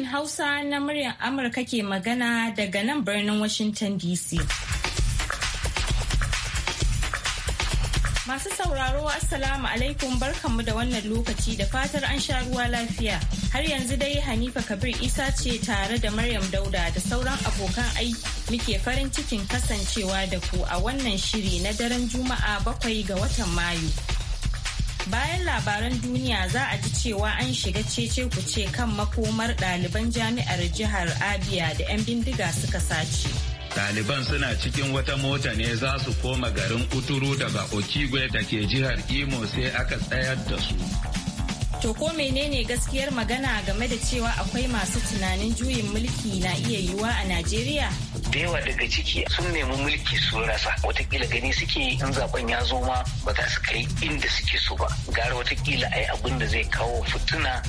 sashen Hausa na muryar Amurka ke magana daga nan birnin Washington DC. Masu sauraro Assalamu alaikum barkanmu da wannan lokaci da fatar an sha ruwa lafiya. Har yanzu dai Hanifa Kabir Isa ce tare da Maryam Dauda da sauran abokan aiki muke farin cikin kasancewa da ku a wannan shiri na daren Juma'a bakwai ga watan Mayu. Bayan labaran duniya za a ji cewa an shiga cece kuce kan makomar ɗaliban jami'ar jihar Abia da 'yan bindiga suka sace. Daliban suna cikin wata mota ne za su koma garin Uturu daga Okigwe da ke jihar Imo sai aka tsayar da su. To ko menene gaskiyar magana game da cewa akwai masu tunanin juyin mulki na iya yiwuwa a Najeriya? Da yawa daga ciki sun nemi mulki su rasa wataƙila gani suke yi in zaben ya zo ma ba za su kai inda suke so ba. Gara watakila ai abin da zai kawo fituna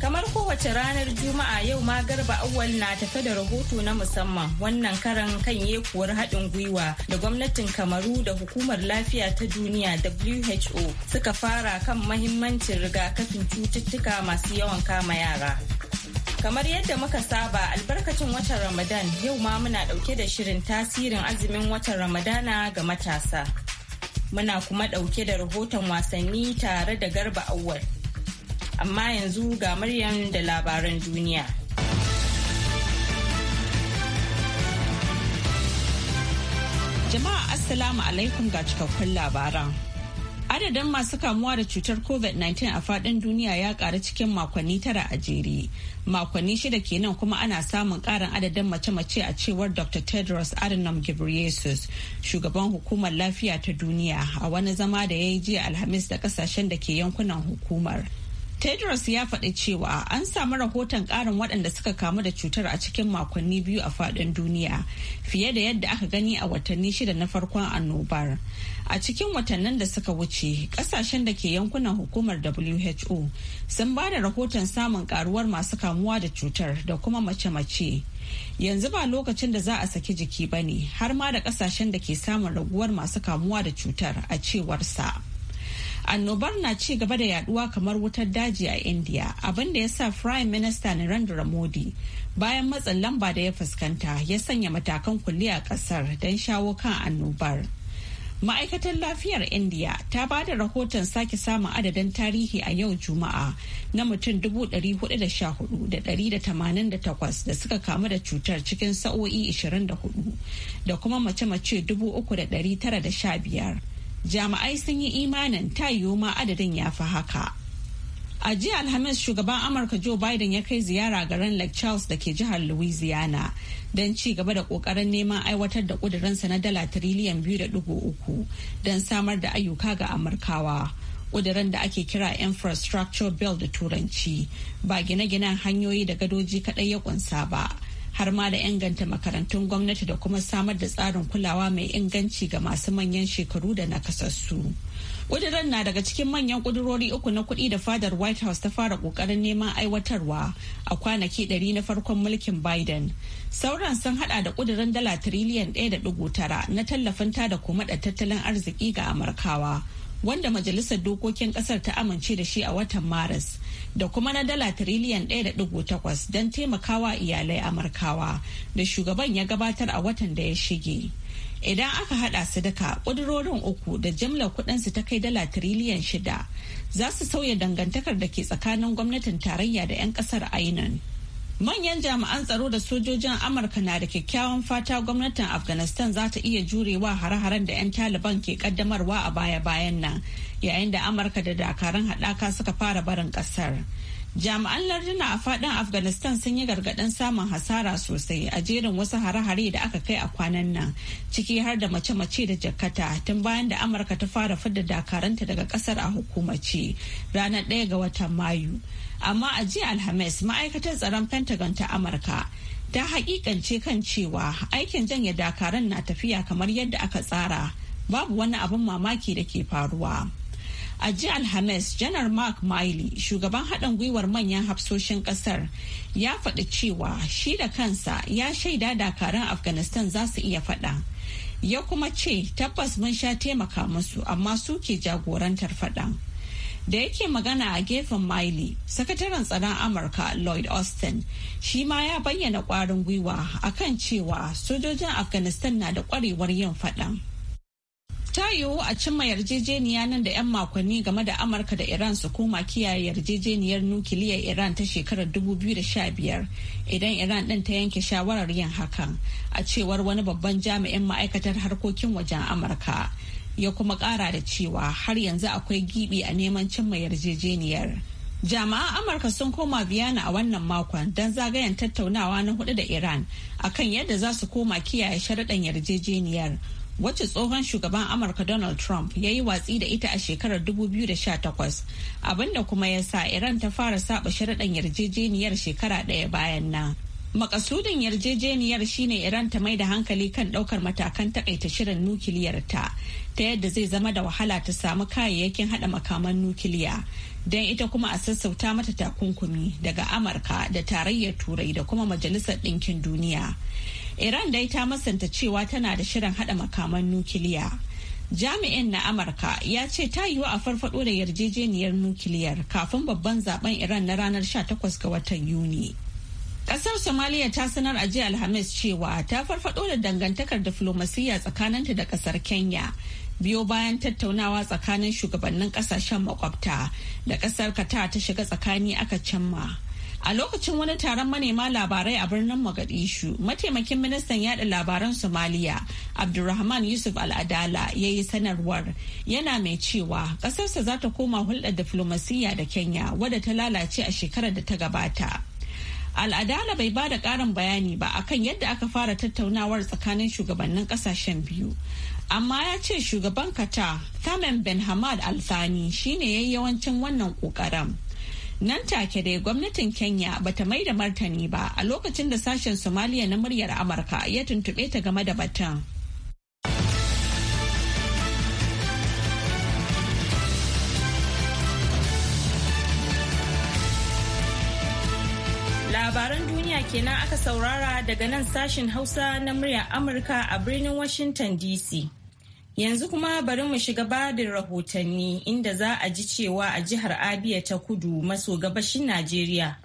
Kamar kowace ranar Juma'a yau ma garba awal na tafe da rahoto na musamman wannan karan kan yekuwar haɗin gwiwa da gwamnatin Kamaru da hukumar lafiya ta duniya WHO suka fara kan mahimmancin rigakafin cututtuka masu yawan kama yara. Kamar yadda muka saba albarkacin watan Ramadan yau ma muna ɗauke da shirin tasirin azumin watan Ramadana ga matasa. Muna kuma ɗauke da rahoton wasanni tare da garba awal. amma yanzu ga Maryam da labaran duniya. Jama'a Assalamu alaikum ga cikakkun labaran. Adadin masu kamuwa da cutar COVID-19 a fadin duniya ya karu cikin makonni tara a jere. Makonni shida kenan kuma ana samun karin adadin mace-mace a cewar Dr. Tedros Adhanom Ghebreyesus, shugaban hukumar lafiya ta duniya a wani zama da ya yi jiya Alhamis da kasashen da ke yankunan hukumar. Tedros ya faɗi cewa an samu rahoton ƙarin waɗanda suka kamu da cutar a cikin makonni biyu a faɗin duniya fiye da yadda aka gani a watanni shida na farkon annobar. A cikin watannin da suka wuce, ƙasashen da ke yankunan hukumar WHO sun ba da rahoton samun ƙaruwar masu kamuwa da cutar da kuma mace-mace. Yanzu ba lokacin da za a saki jiki ba ne, har ma da ƙasashen da ke samun raguwar masu kamuwa da cutar a cewarsa. annobar na ci gaba da yaduwa kamar wutar daji a india abinda ya sa prime minister narendra modi bayan matsin lamba da ya fuskanta ya sanya matakan kulle a kasar don shawo kan annobar ma'aikatar lafiyar india ta ba da rahoton sake samun adadin tarihi a yau juma'a na mutum 414,188 da suka kamu da cutar cikin sa'o'i 24 da kuma mace-mace 3,915 jami'ai sun yi imanin ta yiwu ma adadin ya fi haka a jiya alhamis shugaban amurka joe biden ya kai ziyara garin lake charles da ke jihar louisiana don ci gaba da kokarin neman aiwatar da kudurinsa na dala tiriliyan biyu da dugu uku don samar da ayyuka ga amurkawa kudurin da ake kira infrastructure bill da turanci ba gine-ginen hanyoyi da gadoji kadai ya ƙunsa ba har ma da inganta makarantun gwamnati da kuma samar da tsarin kulawa mai inganci ga masu manyan shekaru da nakasassu. ƙudurar na daga cikin manyan ƙudurori uku na kuɗi da fadar White House ta fara ƙoƙarin neman aiwatarwa a kwanaki ɗari na farkon mulkin Biden. Sauran sun hada da ƙudurin dala tiriliyan ɗaya da ɗigo tara na tallafin tada kuma tattalin arziki ga Amurkawa. wanda majalisar dokokin kasar ta amince da shi a watan maris da kuma na dala tiriliyan 1.8 don taimakawa iyalai amurkawa da shugaban ya gabatar a watan da ya shige idan aka hada su duka kudurorin uku da jimlar kudinsu ta kai dala tiriliyan shida za su sauya dangantakar da ke tsakanin gwamnatin tarayya da 'yan kasar ainan Manyan jami'an tsaro da sojojin Amurka na da kyakkyawan fata gwamnatin Afghanistan za ta iya jurewa hare-haren da 'yan Taliban ke kaddamarwa a baya-bayan nan, yayin da Amurka da dakarun haɗaka suka fara barin ƙasar. Jami'an larduna a fadin Afghanistan sun yi gargaɗin samun hasara sosai a jerin wasu hare-hare da aka kai a kwanan nan, ciki har da mace-mace da jakata tun bayan da Amurka ta fara fidda dakaranta daga ƙasar a hukumace ranar ɗaya ga watan Mayu. amma a jiya alhamis ma'aikatar tsaron pentagon ta amurka ta hakikance kan cewa aikin janye dakaran na tafiya kamar yadda aka tsara babu wani abin mamaki da ke faruwa a jiya alhamis janar mark miley shugaban haɗin gwiwar manyan hafsoshin ƙasar ya faɗi cewa shi da kansa ya shaida dakaran afghanistan za su iya faɗa ya kuma ce tabbas mun sha taimaka musu amma su ke jagorantar faɗan da yake magana a gefen miley sakataren tsaron amurka lloyd austin shi ma ya bayyana kwarin gwiwa a kan cewa sojojin afghanistan na da kwarewar yin faɗan ta yiwu a cimma yarjejeniya nan da 'yan makonni game da amurka da iran su koma kiyaye yarjejeniyar nukiliyar iran ta shekarar 2015 idan iran din ta yanke shawarar yin hakan a cewar wani babban jami'in ma'aikatar harkokin wajen amurka ya kuma kara da cewa har yanzu akwai gibi a neman cimma yarjejeniyar jama'an amurka sun koma biyana a wannan makon don zagayen tattaunawa na hudu da iran akan yadda za su koma kiyaye sharaɗan yarjejeniyar wacce tsohon shugaban amurka donald trump ya yi watsi da ita a shekarar 2018 abinda kuma ya sa iran ta fara saba sharaɗan yarjejeniyar shekara ɗaya bayan nan Makasudin yarjejeniyar shine Iran ta mai da hankali kan ɗaukar matakan takaita shirin nukiliyar ta ta yadda zai zama da wahala ta samu kayayyakin haɗa makaman nukiliya don ita kuma a sassauta mata takunkumi daga Amurka da tarayyar Turai da kuma Majalisar Ɗinkin Duniya. Iran dai ta masanta cewa tana da shirin haɗa makaman nukiliya. jami'in na amurka ya ce ta yiwu a farfado da yarjejeniyar nukiliyar kafin babban zaben iran na ranar 18 ga watan yuni Ƙasar somaliya ta sanar a jiya Alhamis cewa ta farfado da dangantakar diflomasiyya tsakaninta da ƙasar Kenya. Biyo bayan tattaunawa tsakanin shugabannin ƙasashen makwabta da ƙasar Qatar ta shiga tsakani aka cimma. A lokacin wani taron manema labarai a birnin Mogadishu, mataimakin ministan yada labaran Somaliya Abdulrahman Yusuf Al'adala ya yi sanarwar yana mai cewa ƙasarsa za ta koma hulɗar diflomasiyya da Kenya wadda ta lalace a shekarar da ta gabata. al'adala bai ba da ƙarin bayani ba akan yadda aka fara tattaunawar tsakanin shugabannin ƙasashen biyu amma ya ce shugaban kata Thamen ben hamad alfani shine ya yi yawancin wannan kokarin nan take dai gwamnatin kenya bata mai da martani ba a lokacin da sashen somaliya na muryar amurka ya tuntuɓe ta game da batun kenan aka saurara daga nan sashin Hausa na muryar Amurka a birnin Washington DC. Yanzu kuma bari mu shiga badin rahotanni inda za a ji cewa a jihar Abia ta kudu maso gabashin Najeriya.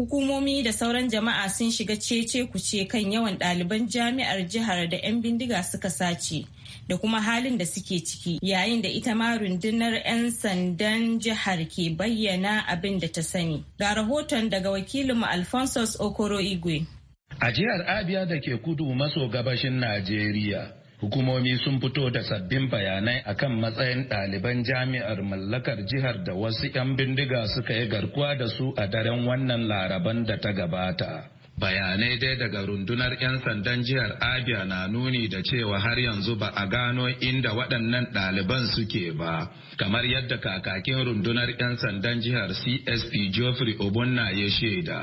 Hukumomi da sauran jama'a sun shiga cece kuce kan yawan ɗaliban jami'ar jihar da 'yan bindiga suka sace. da kuma halin da suke ciki yayin da ita ma rundunar 'yan sandan jihar ke bayyana abin da ta sani. Ga rahoton daga wakilinmu Alphonsus Okoro Igwe. A jihar Abia da ke kudu maso gabashin Najeriya, hukumomi sun fito da sabbin bayanai akan matsayin ɗaliban jami'ar mallakar jihar da wasu 'yan bindiga suka yi garkuwa da su a daren wannan laraban da ta gabata. bayanai dai daga rundunar 'yan sandan jihar abia na nuni da cewa har yanzu ba a gano inda waɗannan ɗaliban suke ba kamar yadda kakakin rundunar 'yan sandan jihar csp geoffrey obunna ya shaida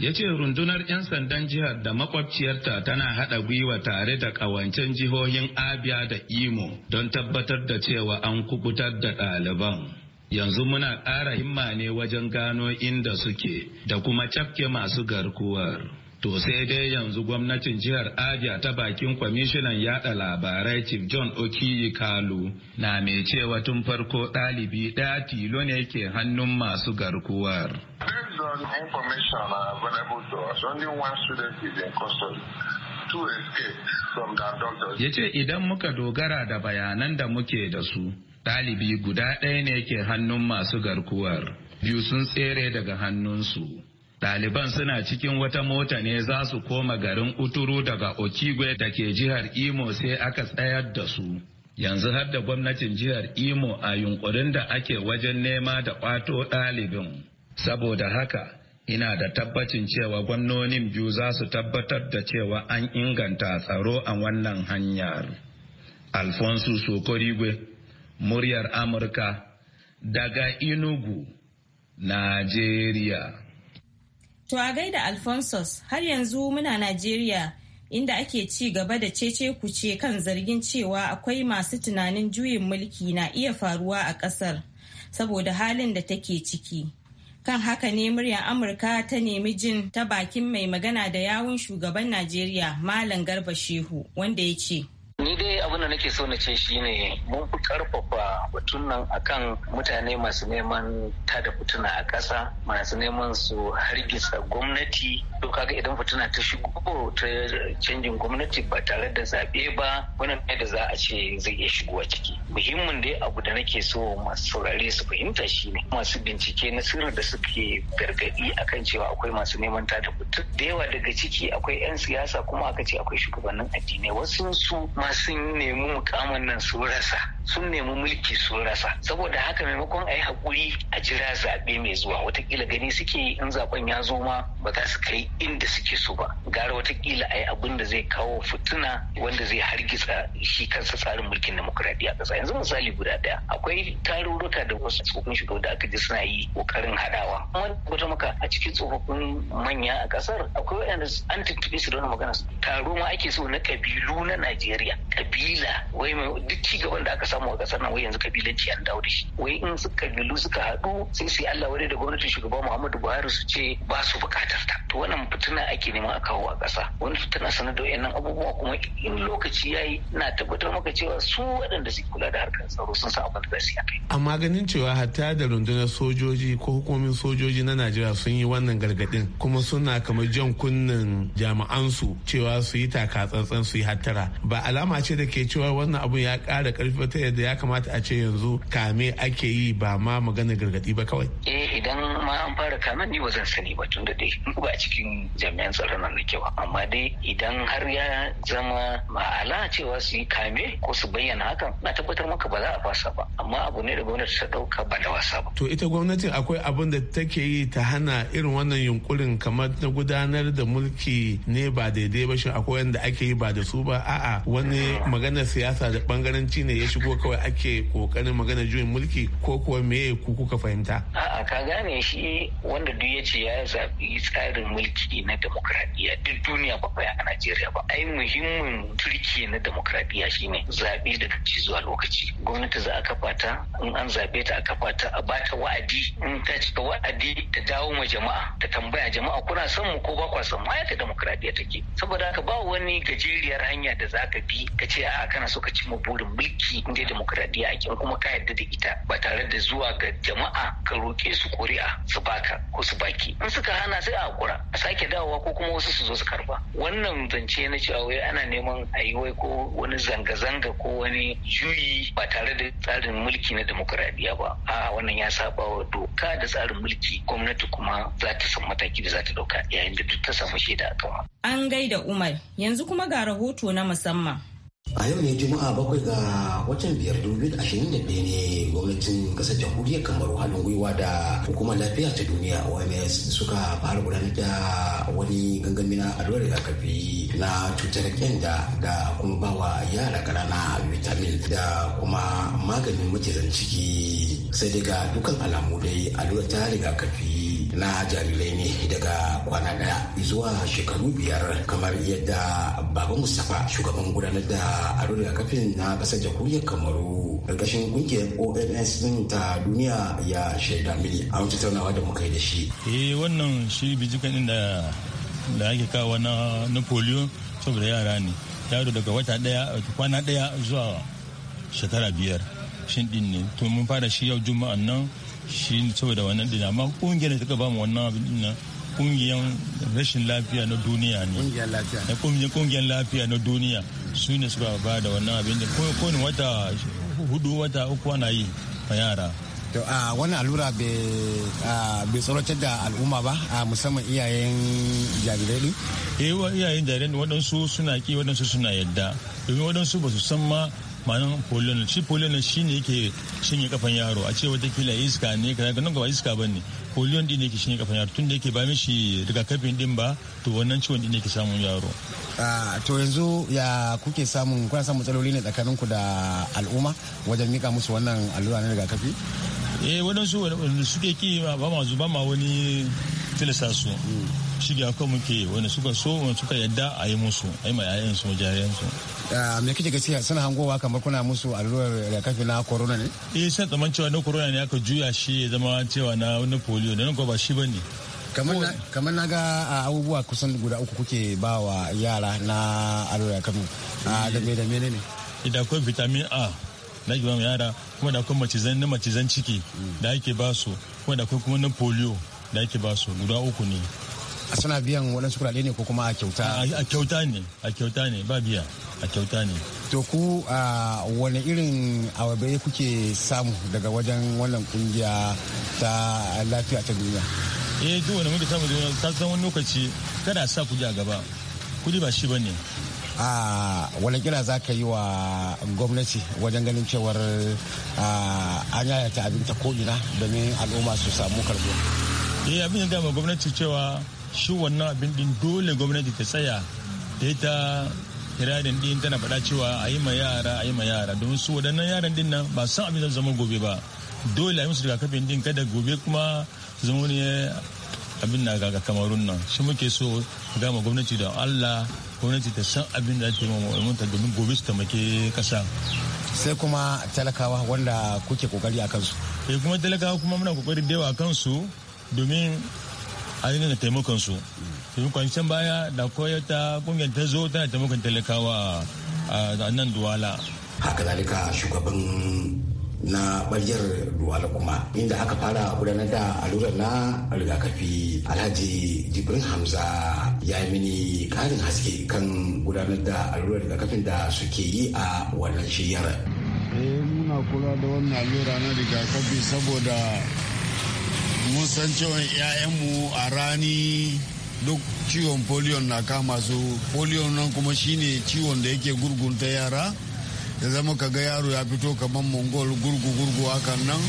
ya ce rundunar 'yan sandan jihar da makwabciyarta tana haɗa gwiwa tare da ƙawancen jihohi hanyoyin Abia da Imo don tabbatar da cewa an kubutar da ɗaliban. Yanzu muna ƙara himma ne wajen gano inda suke da kuma cafke masu garkuwar. To sai dai yanzu gwamnatin jihar Abia ta bakin kwamishinan yada labarai Chief John Okiyi Kalu na mai cewa tun farko ɗalibi ɗaya tilo ne ke hannun masu garkuwar. Based on information available to us, only one student is in custody. Ya ce idan muka dogara da bayanan da muke da su, ɗalibi guda ɗaya ne ke hannun masu garkuwar, biyu sun tsere daga hannunsu. Ɗaliban suna cikin wata mota ne za su koma garin Uturu daga Okigwe da ke jihar Imo sai aka tsayar da su. Yanzu har da gwamnatin jihar Imo a yunkurin da ake wajen nema da ƙwato ɗalibin. Saboda haka, ina da tabbacin cewa gwamnonin biyu za su tabbatar da cewa an inganta tsaro a wannan hanyar. Alfonso Sokorigwe, muryar Amurka, daga Inugu, Najeriya. To a gaida Alphonsus har yanzu muna Najeriya inda ake ci gaba da cece kuce kan zargin cewa akwai masu tunanin juyin mulki na iya faruwa a ƙasar saboda halin da take ciki. kan haka ne muryar amurka ta nemi jin ta bakin mai magana da yawun shugaban najeriya malam garba shehu wanda ya ce ni dai abin da nake so na ce shine mun fi karfafa batun nan akan mutane masu neman tada fituna a ƙasa masu neman su hargitsa gwamnati to kaga idan fituna ta shigo ta canjin gwamnati ba tare da zaɓe ba wannan ne da za a ce zai iya shigo ciki muhimmin dai abu da nake so masu saurare su fahimta shi ne masu bincike na sirri da suke gargadi akan cewa akwai masu neman tada mutum da yawa daga ciki akwai 'yan siyasa kuma aka ce akwai shugabannin addinai wasu su ma nemi mukamin nan su rasa sun nemi mulki sun rasa saboda haka maimakon a yi haƙuri a jira zaɓe mai zuwa watakila gani suke in zaɓen ya zo ma ba za su kai inda suke so ba gara watakila a yi abin da zai kawo fituna wanda zai hargitsa shi kansa tsarin mulkin demokuraɗiyya a ƙasa yanzu misali guda ɗaya akwai tarurruka da wasu tsofin shugaba da aka ji suna yi ƙoƙarin haɗawa kuma wata maka a cikin tsofaffin manya a ƙasar akwai waɗanda an tuntuɓe su da wani magana taro ma ake so na ƙabilu na Najeriya kabila wai duk ci da aka samu a kasar nan wai yanzu kabilanci an dawo da shi wai in su kabilu suka haɗu sai su yi Allah wadai da gwamnatin shugaba Muhammadu Buhari su ce ba su buƙatar ta to wannan fitina ake neman a kawo a ƙasa wani fitina sanar da wayannan abubuwa kuma in lokaci ya yi na tabbatar maka cewa su waɗanda su kula da harkar tsaro sun san abin da za su yi akai amma ganin cewa hatta da rundunar sojoji ko hukumomin sojoji na Najeriya sun yi wannan gargaɗin kuma suna kamar jan kunnen jami'ansu cewa su yi taka tsantsan su yi hattara ba alama ce da ke cewa wannan abu ya ƙara ƙarfi ta yadda ya kamata a ce yanzu kame ake yi ba ma magana gargadi ba kawai eh idan ma an fara kamen ni ba zan sani ba tun da dai ba a cikin jami'an tsaron nan nake ba amma dai idan har ya zama ma'ala cewa su yi kame ko su bayyana hakan na tabbatar maka ba za a fasa ba amma abu ne da gwamnati ta ɗauka ba da wasa ba to ita gwamnatin akwai abin da take yi ta hana irin wannan yunkurin kamar na gudanar da mulki ne ba daidai ba shi akwai wanda ake yi ba da su ba a'a wani maganar siyasa da bangaranci ne ya shigo arewa kawai ake kokarin magana juyin mulki ko kuwa meye ku kuka fahimta a'a ka gane shi wanda duk ya ce ya zaɓi tsarin mulki na demokradiyya duk duniya ba a najeriya ba ai muhimmin turki na demokradiyya shine zaɓe daga ci zuwa lokaci gwamnati za a kafa ta in an zaɓe ta a kafa ta a bata wa'adi in ta cika wa'adi ta dawo ma jama'a ta tambaya jama'a kuna son mu ko ba kwa son ma demokradiyya take saboda haka ba wani gajeriyar hanya da za ka bi ka ce a kana so ka ci mu burin mulki inda ce demokradiyya ake kuma ka yarda da ita ba tare da zuwa ga jama'a ka roƙe su kuri'a su baka ko su baki in suka hana sai a hakura a sake dawowa ko kuma wasu su zo su karba wannan zance na cewa wai ana neman a wai ko wani zanga-zanga ko wani juyi ba tare da tsarin mulki na demokradiyya ba a wannan ya saba wa doka da tsarin mulki gwamnati kuma za ta san mataki da za ta dauka yayin da duk ta samu shaida a kama. an gaida umar yanzu kuma ga rahoto na musamman a yau ne juma'a bakwai ga watan biyar dubu da ashirin da biyu ne gwamnatin kasar jamhuriyar kamaru halin gwiwa da hukumar lafiya ta duniya oms suka fara gudanar da wani gangami na allurar rigakafi na cutar kenda da kuma bawa yara na vitamin da kuma maganin macizan ciki sai daga dukkan alamu dai allurar ta rigakafi na jarirai ne daga kwana daya zuwa shekaru biyar kamar yadda baba mustapha shugaban gudanar da aro rigakafin na kasar jamhuriyar kamaru karkashin kungiyar ons din ta duniya ya shaida mini a wata tattaunawa da muka yi da shi eh wannan shi bijikan din da da ake kawo na na polio saboda yara ne yaro daga wata daya kwana daya zuwa shekara biyar shin din ne to mun fara shi yau juma'an nan shi saboda wannan dina amma kungiyar da suka bamu wannan abin din kungiyan rashin lafiya na duniya ne kungiyar lafiya na duniya su ne suka ba da wannan abin da kowane wata hudu wata uku ana yi a yara to a wani allura bai tsoratar da al'umma ba a musamman iyayen jarirai eh iyayen jarirai waɗansu suna ki waɗansu suna yadda domin waɗansu ba su san ma ma'anar polio shi polio na shi ne yake shinye kafan yaro a ce watakila iska ne kaza nan ba iska ba ne polio din ne yake shinye kafan yaro tun da yake ba mishi rigakafin din ba to wannan ciwon din ne yake samun yaro. to yanzu ya kuke samun kuna samun matsaloli ne tsakaninku da al'umma wajen mika musu wannan allura na rigakafi? eh waɗansu wanda suke ki ba ma zuba ma wani tilasta su hmm. shige akwai muke su suka so su suka yadda a yi musu a yi ma yayan su jayen su me kike ga cewa suna hangowa kamar kuna musu allurar rigakafi na corona ne eh sai tsaman cewa na corona ne aka juya shi ya zama cewa na wani polio nan ko ba shi bane kamar na ga abubuwa kusan guda uku kuke ba wa yara na allurar rigakafi da me da menene idan akwai vitamin A da ake ba yara kuma da akwai macizan na macizan ciki da ake ba su kuma da akwai kuma na polio da ake ba su guda uku ne a suna biyan waɗansu kuɗaɗe ne ko kuma a kyauta a kyauta ne a kyauta ne ba biya a kyauta ne to ku a wani irin awabe kuke samu daga wajen wannan kungiya ta lafiya ta duniya eh duk wani muka samu ta san wani lokaci kada a sa kuɗi a gaba kuɗi ba shi bane a wani kira za ka yi wa gwamnati wajen ganin cewar an yayata abinta ko'ina domin al'umma su samu karbo eh abin da ma gwamnati cewa shi wannan abin din dole gwamnati ta tsaya da ita kiradin din tana faɗa cewa a yi ma yara a yi ma yara domin su waɗannan yaran din nan ba san abin zai zama gobe ba dole a yi musu rigakafin din kada gobe kuma zama ne abin na ga kamarun nan shi muke so gama gwamnati da allah gwamnati ta san abin da ake mutane domin gobe su taimake kasa sai kuma talakawa wanda kuke kokari a kansu sai eh, kuma talakawa kuma muna kokari da yawa kansu domin a yi nuna taimakon su domin kwanciyar baya da koyar ta kungiyar ta zo tana taimakon talakawa a nan duwala haka zalika shugaban na ɓaryar duwala kuma inda aka fara gudanar da allurar na rigakafi alhaji jibrin hamza ya yi mini ƙarin haske kan gudanar da allurar rigakafin da suke yi a wannan shiyar. Eh, muna kula da wannan allura na rigakafi saboda mun san cewa 'ya'yanmu a rani duk ciwon polio na kama su polio nan kuma shine ciwon da yake gurgunta yara ya zama ka ga yaro ya fito kamar mongol gurgu gurgu hakan nan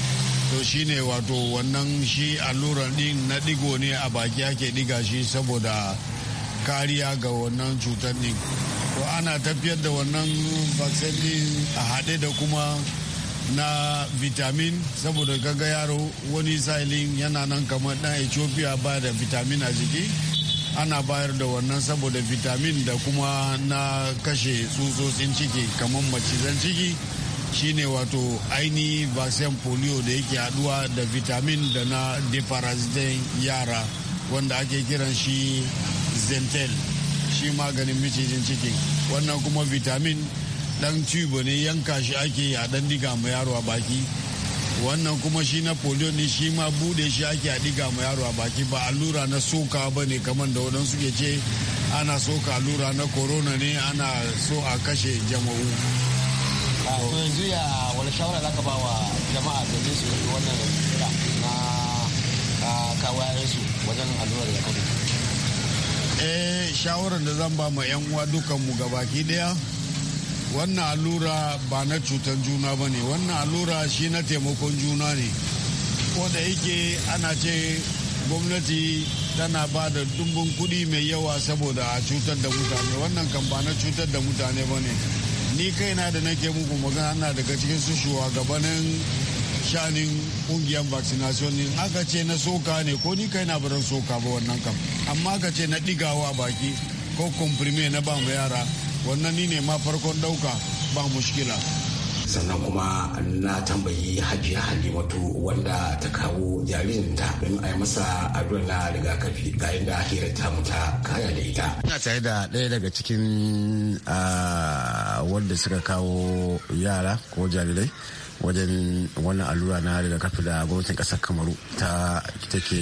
to shine wato wannan shi alluran din na digo ne a baki ake diga shi saboda kariya ga wannan cutar din to ana tafiyar da wannan vaccine din a haɗe da kuma na vitamin saboda kaga yaro wani sa'ilin yana nan kamar ɗan ethiopia ba da vitamin a jiki ana bayar da wannan saboda vitamin da kuma na kashe tsutsotsin ciki kamar macizan ciki shine wato ainihi vaccine polio da yake haduwa da vitamin da na deparasitin yara wanda ake kiran shi zentel shi maganin macizan ciki wannan kuma vitamin dan tube ne yanka shi ake a dan diga ma yaro a baki wannan kuma shi na polio ne shi ma bude shi ake a diga ma yaro a baki ba allura na soka ba ne kamar da waɗansu ke ce ana soka allura na corona ne ana so a kashe jama'u ah, yanzu ya wani shawara za ka ba wa jama'a domin su yi wannan kira na ah, kawayensu wajen allurar da kafin eh shawarar da zan ba ma 'yan uwa dukanmu gabaki daya wannan allura ba na cutan juna ba ne wannan allura shi na taimakon juna ne da yake ana ce gwamnati tana ba da dumbin kudi mai yawa saboda a cutar da mutane wannan kan ba na cutar da mutane ba ne ni kaina da nake muku magana na daga cikin su shugabannin shanin kungiyar vaccination ne aka ce na soka ne ko ni kai na soka ba wannan kam amma aka ce na digawa baki ko komprime na ba mu yara wannan ni ne ma farkon dauka ba mushkila sannan kuma na tambayi hajiya halimatu wanda ta kawo jaririnta don a yi masa addu'a na rigakafi ga inda hira ta muta kaya da ita ina tare da ɗaya daga cikin wanda suka kawo yara ko jarirai wajen wannan allura na rigakafi da gwamnatin ƙasar kamaru ta take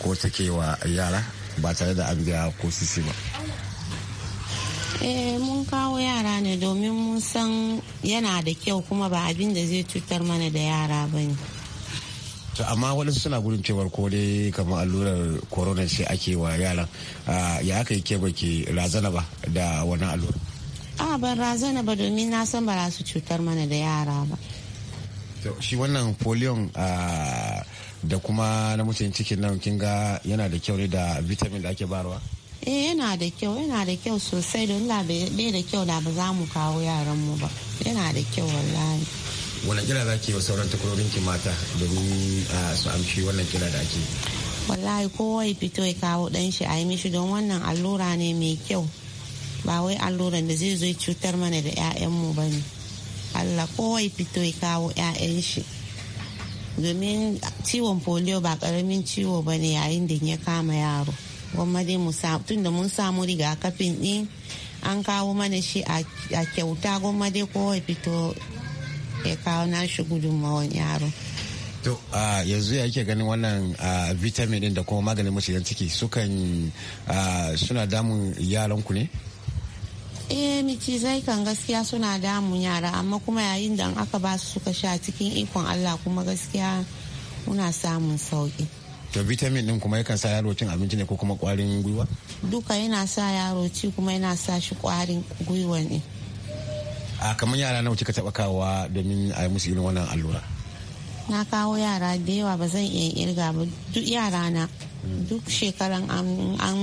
ko take wa yara ba tare da an biya ko sisi ba Eh mun kawo yara ne domin mun san yana da kyau kuma ba abin da zai cutar mana da yara ba ne. to amma waɗansu suna gudun cewar ko dai kamar allurar corona ce ake wa yaran ah, ya aka yi keba ke razana ba da wani allura. a ban razana ba domin na san ba su cutar mana da yara ba. To shi wannan polion ah, da kuma na mutum cikin nan kin ga yana da kyau ne da vitamin da ake barwa. eh yana da kyau yana da kyau sosai don labe bai da kyau da ba za mu kawo yaran mu ba yana da kyau wallahi wani kira za ki yi wa sauran takwarorin ki mata domin su amshi wannan kira da ake wallahi kowa ya fito ya kawo dan shi a yi mishi don wannan allura ne mai kyau ba wai alluran da zai zo cutar mana da 'ya'yan mu ba ne allah kowa ya fito ya kawo 'ya'yan shi domin ciwon polio ba karamin ciwo ba ne yayin da ya kama yaro gwamma dai tun da mun samu rigakafin din an kawo mana shi a kyauta gwamma dai kowai fito ya kawo nashi gudunmawan yaro to yanzu ya ke ganin wannan vitamin din da kuma maganin mashigan ciki sukan suna damun yaran ne eh mici zai kan gaskiya suna damun yara amma kuma yayin da aka ba su suka sha cikin ikon allah kuma gaskiya muna samun sauki to vitamin din kuma yakan sa yaro cin abinci ne ko kuma kwarin gwiwa duka yana sa yaro ci kuma yana sa shi kwarin gwiwa ne a kamar yara nawa kika taba kawa domin a yi musu irin wannan allura na kawo yara da yawa ba zan iya irga ba duk yara na duk shekaran an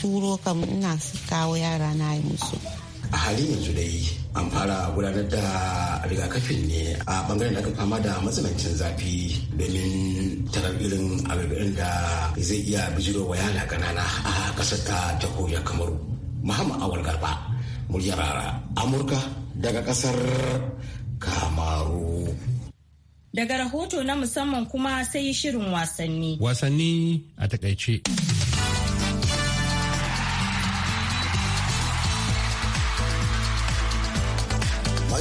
turo kam ina kawo yara na yi musu a halin yanzu dai an fara gudanar da rigakafin ne a bangaren da aka fama da matsanancin zafi domin tarar irin abubuwan da zai iya bijiro wa yana kanana a ƙasar ta tahoya kamaru muhammad awal garba muryar amurka daga ƙasar kamaru daga rahoto na musamman kuma sai shirin wasanni wasanni a takaice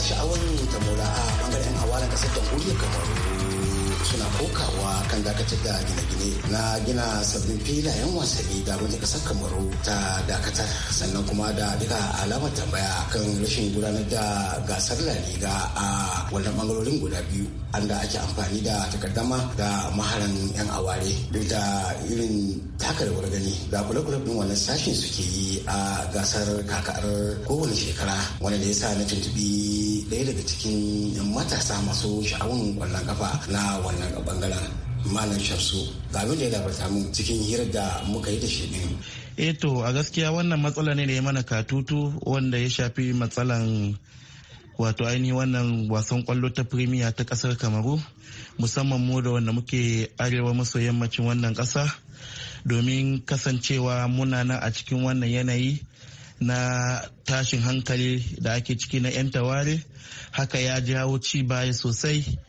sha'awar ta mula a bangaren hawalan kasar jamhuriyar kamaru suna kokawa kan dakatar da gine-gine na gina sabbin filayen wasanni da wani kasar kamaru ta dakatar sannan kuma da duka alamar tambaya kan rashin gudanar da gasar la liga a wannan bangarorin guda biyu an da ake amfani da takardama da maharan yan aware duk da irin takarwar gani da kula-kula din wannan sashin suke yi a gasar kakar kowane shekara wanda ya sa na tuntubi ɗaya daga cikin matasa masu sha'awun kwallon kafa na wannan bangaren malam shafsu ga abin da ya gabata mun cikin hirar da muka yi da shi ne. eto eh a gaskiya wannan matsala ne da ya mana katutu wanda ya shafi matsalan wato ainihin wannan wasan kwallo ta firimiya ta kasar kamaru musamman mu da wanda muke arewa maso yammacin wannan kasa domin kasancewa muna nan a cikin wannan yanayi na tashin hankali da ake ciki na 'yan taware haka ya jawo ci baya sosai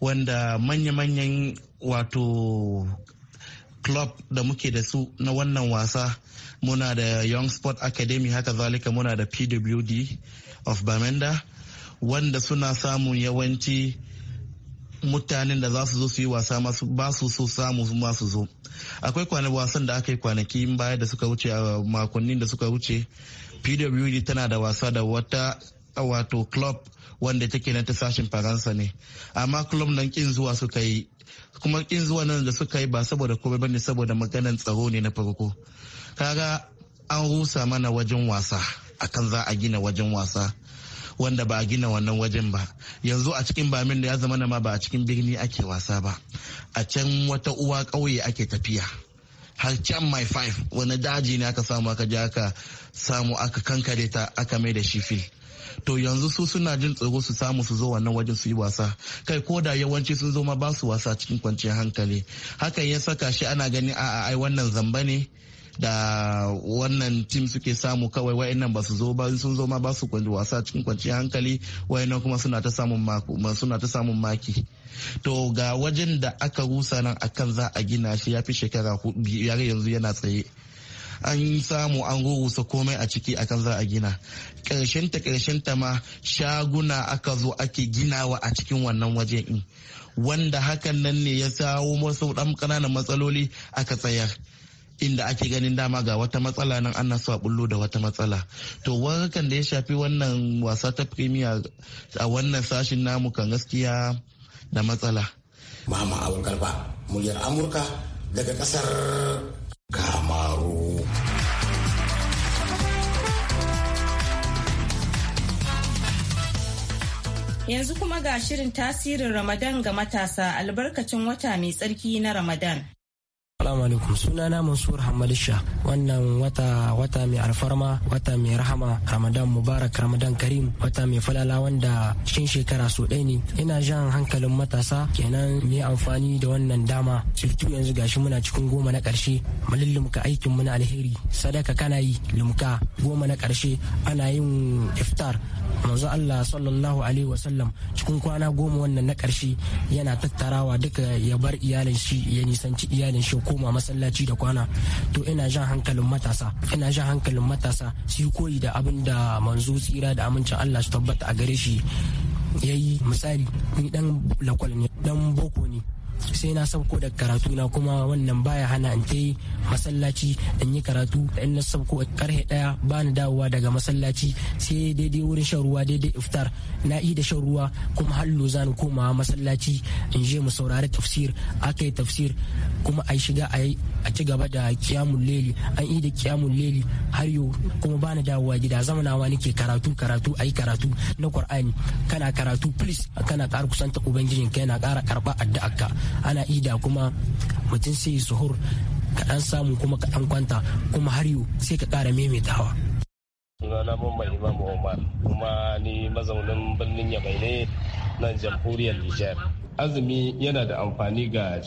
wanda manya-manyan wato club da muke da su na wannan wasa muna da young sport academy haka zalika muna da pwd of bamenda wanda suna samun yawanci mutanen da za su zo su yi wasa masu ba su so samu masu zo akwai kwanan wasan da aka yi kwanaki baya da suka wuce a makonnin da suka wuce pwd tana da wasa da wata wato club wanda take na ta sashen faransa ne amma club nan kin zuwa suka yi kuma kin zuwa nan da suka yi ba saboda komai bane saboda maganan tsaro ne na farko kaga an rusa mana wajen wasa akan za a gina wajen wasa wanda ba a gina wannan wajen ba yanzu a cikin bamin da ya zama na ma ba a cikin birni ake wasa ba a can wata uwa ƙauye ake tafiya har can mai five wani daji ne aka samu aka je aka samu aka kankare ta aka mai da shi fil to yanzu su suna jin tsoro su samu su zo wannan wajen su yi wasa kai ko da yawanci sun zo ma ba su wasa cikin kwanciyar hankali hakan ya saka shi ana gani a ai wannan zamba ne da wannan tim suke samu kawai nan ba su zo ba sun zo ma ba su wasa cikin kwanciyar hankali nan kuma suna ta samun maki suna ta samun maki to ga wajen da aka rusa nan akan za a gina shi ya fi shekara hudu yanzu yana tsaye an samu an rugusa komai a ciki akan za a gina ƙarshen ta ƙarshen ta ma shaguna aka zo ake ginawa a cikin wannan waje in wanda hakan nan ne ya sawo masu ɗan ƙananan matsaloli aka tsayar inda ake ganin dama ga wata matsala nan ana so a bullo da wata matsala to wakan da ya shafi wannan wasa ta premier a wannan sashin namu kan gaskiya da matsala mama abun garba muryar amurka daga kasar kamaru Yanzu kuma ga shirin tasirin Ramadan ga matasa albarkacin wata mai tsarki na Ramadan. Assalamu alaikum sunana Mansur Hamalisha wannan wata wata mai alfarma wata mai rahama Ramadan Mubarak Ramadan Karim wata mai falala wanda cikin shekara so ɗaya ne ina jan hankalin matasa kenan mai amfani da wannan dama surtu yanzu gashi muna cikin goma na ƙarshe mu aikin mu na alheri sadaka kana yi lumka goma na ƙarshe ana yin iftar manzo Allah sallallahu alaihi wasallam cikin kwana goma wannan na karshe yana tattarawa duka ya bar iyalin shi ya nisanci iyalin shi koma masallaci da kwana to ina jan hankalin matasa ina jan hankalin matasa su koyi da abin da manzo tsira da amincin Allah su tabbata a gare shi yayi misali ni dan lakwal ne dan boko ne sai na sabko da karatu na kuma wannan baya hana in ta yi masallaci in yi karatu in na sabko karhe daya ba ni dawowa daga masallaci sai daidai wurin shan ruwa daidai iftar na yi da shan ruwa kuma hallo zan koma masallaci in je mu saurari tafsir aka yi tafsir kuma a shiga a ci gaba da kiyamun leli an yi da kiyamun leli har yau kuma ba ni dawowa gida zama zamanawa nake karatu karatu a yi karatu na kur'ani kana karatu please kana kara kusanta ubangijin ka yana ƙara karɓa addu'arka ana ida kuma mutum sai suhur kaɗan samu kuma kaɗan kwanta kuma har yau sai ka ƙara maimaitawa sunana Mamman Imam Omar kuma ni mazaunin birnin Yamai ne nan jamhuriyar Nijar. Azumi yana da amfani ga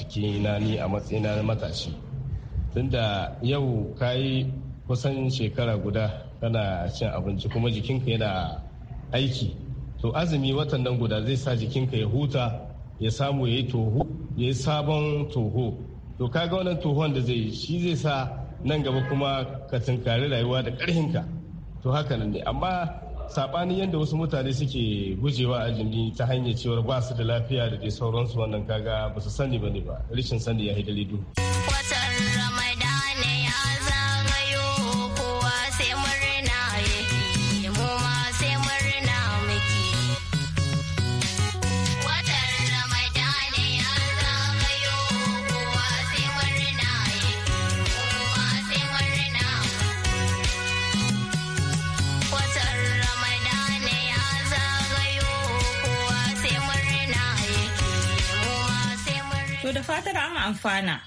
na ni a matsayina na matashi. Tunda yau ka yi kusan shekara guda kana cin abinci kuma jikinka yana aiki. To azumi watan nan guda zai sa jikinka ya huta ya samu ya yi toho ya yi sabon toho to kaga wannan tohon da zai shi zai sa nan gaba kuma ka tunkari rayuwa da karhinka to haka nan ne amma saɓanin yadda wasu mutane suke gujewa a jini ta hanyar cewar ba su da lafiya da dai sauransu wannan kaga ba su sani ba ne ba rashin sani ya haidari duhu. fatar an amfana.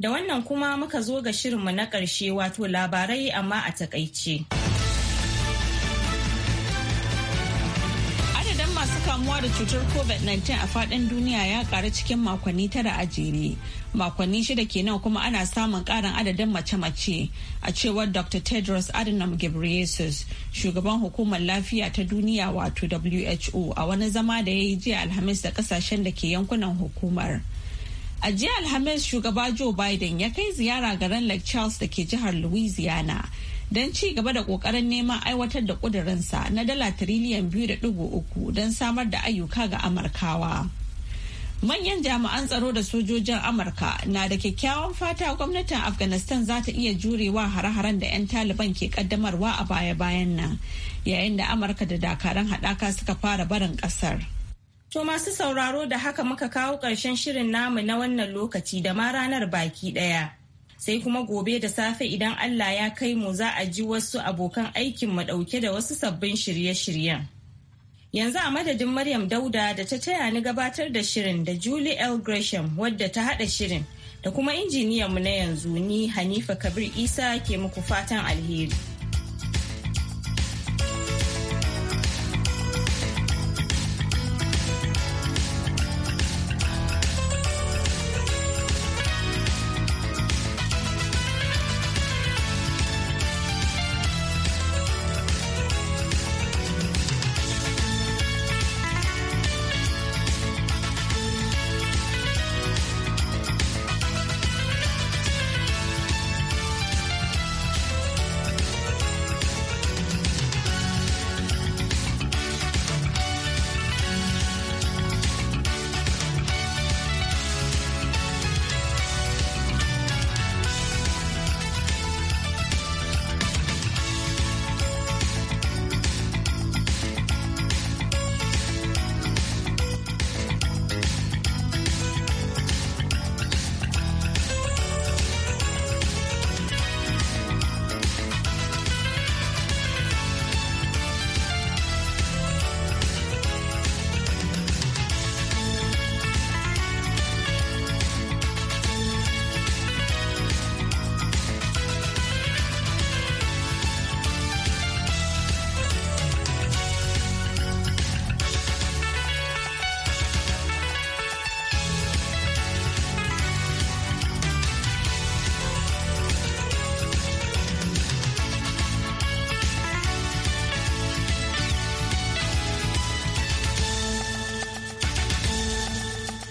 Da wannan kuma muka zo ga shirinmu na ƙarshe wato labarai amma a takaice. Adadin masu kamuwa da cutar COVID-19 a faɗin duniya ya ƙaru cikin makonni tara a jere. Makonni shida kenan kuma ana samun ƙarin adadin mace-mace a cewar Dr. Tedros Adhanom Ghebreyesus, shugaban hukumar lafiya ta duniya wato WHO a wani zama da ya yi jiya Alhamis da kasashen da ke yankunan hukumar. A jiya Alhamis shugaba Joe Biden ya kai ziyara garin Lake Charles da ke jihar Louisiana don ci gaba da kokarin neman aiwatar da kudurinsa na dala tiriliyan biyu da uku don samar da ayyuka ga Amurkawa. Manyan jami'an tsaro da sojojin Amurka na da kyakkyawan fata gwamnatin Afghanistan za ta iya jurewa hare-haren da 'yan Taliban ke kaddamarwa a baya-bayan nan, yayin da Amurka da dakaran haɗaka suka fara barin ƙasar. To masu sauraro da haka muka kawo ƙarshen shirin namu na wannan lokaci da ma ranar baki ɗaya. Sai kuma gobe da safe idan Allah ya kai mu za a ji wasu abokan aikinmu ɗauke da wasu sabbin shirye-shiryen. Yanzu a madadin Maryam Dauda da ta taya ni gabatar da shirin da Julie L. Gresham wadda ta haɗa shirin da kuma mu na yanzu ni Hanifa Kabir Isa ke muku fatan alheri.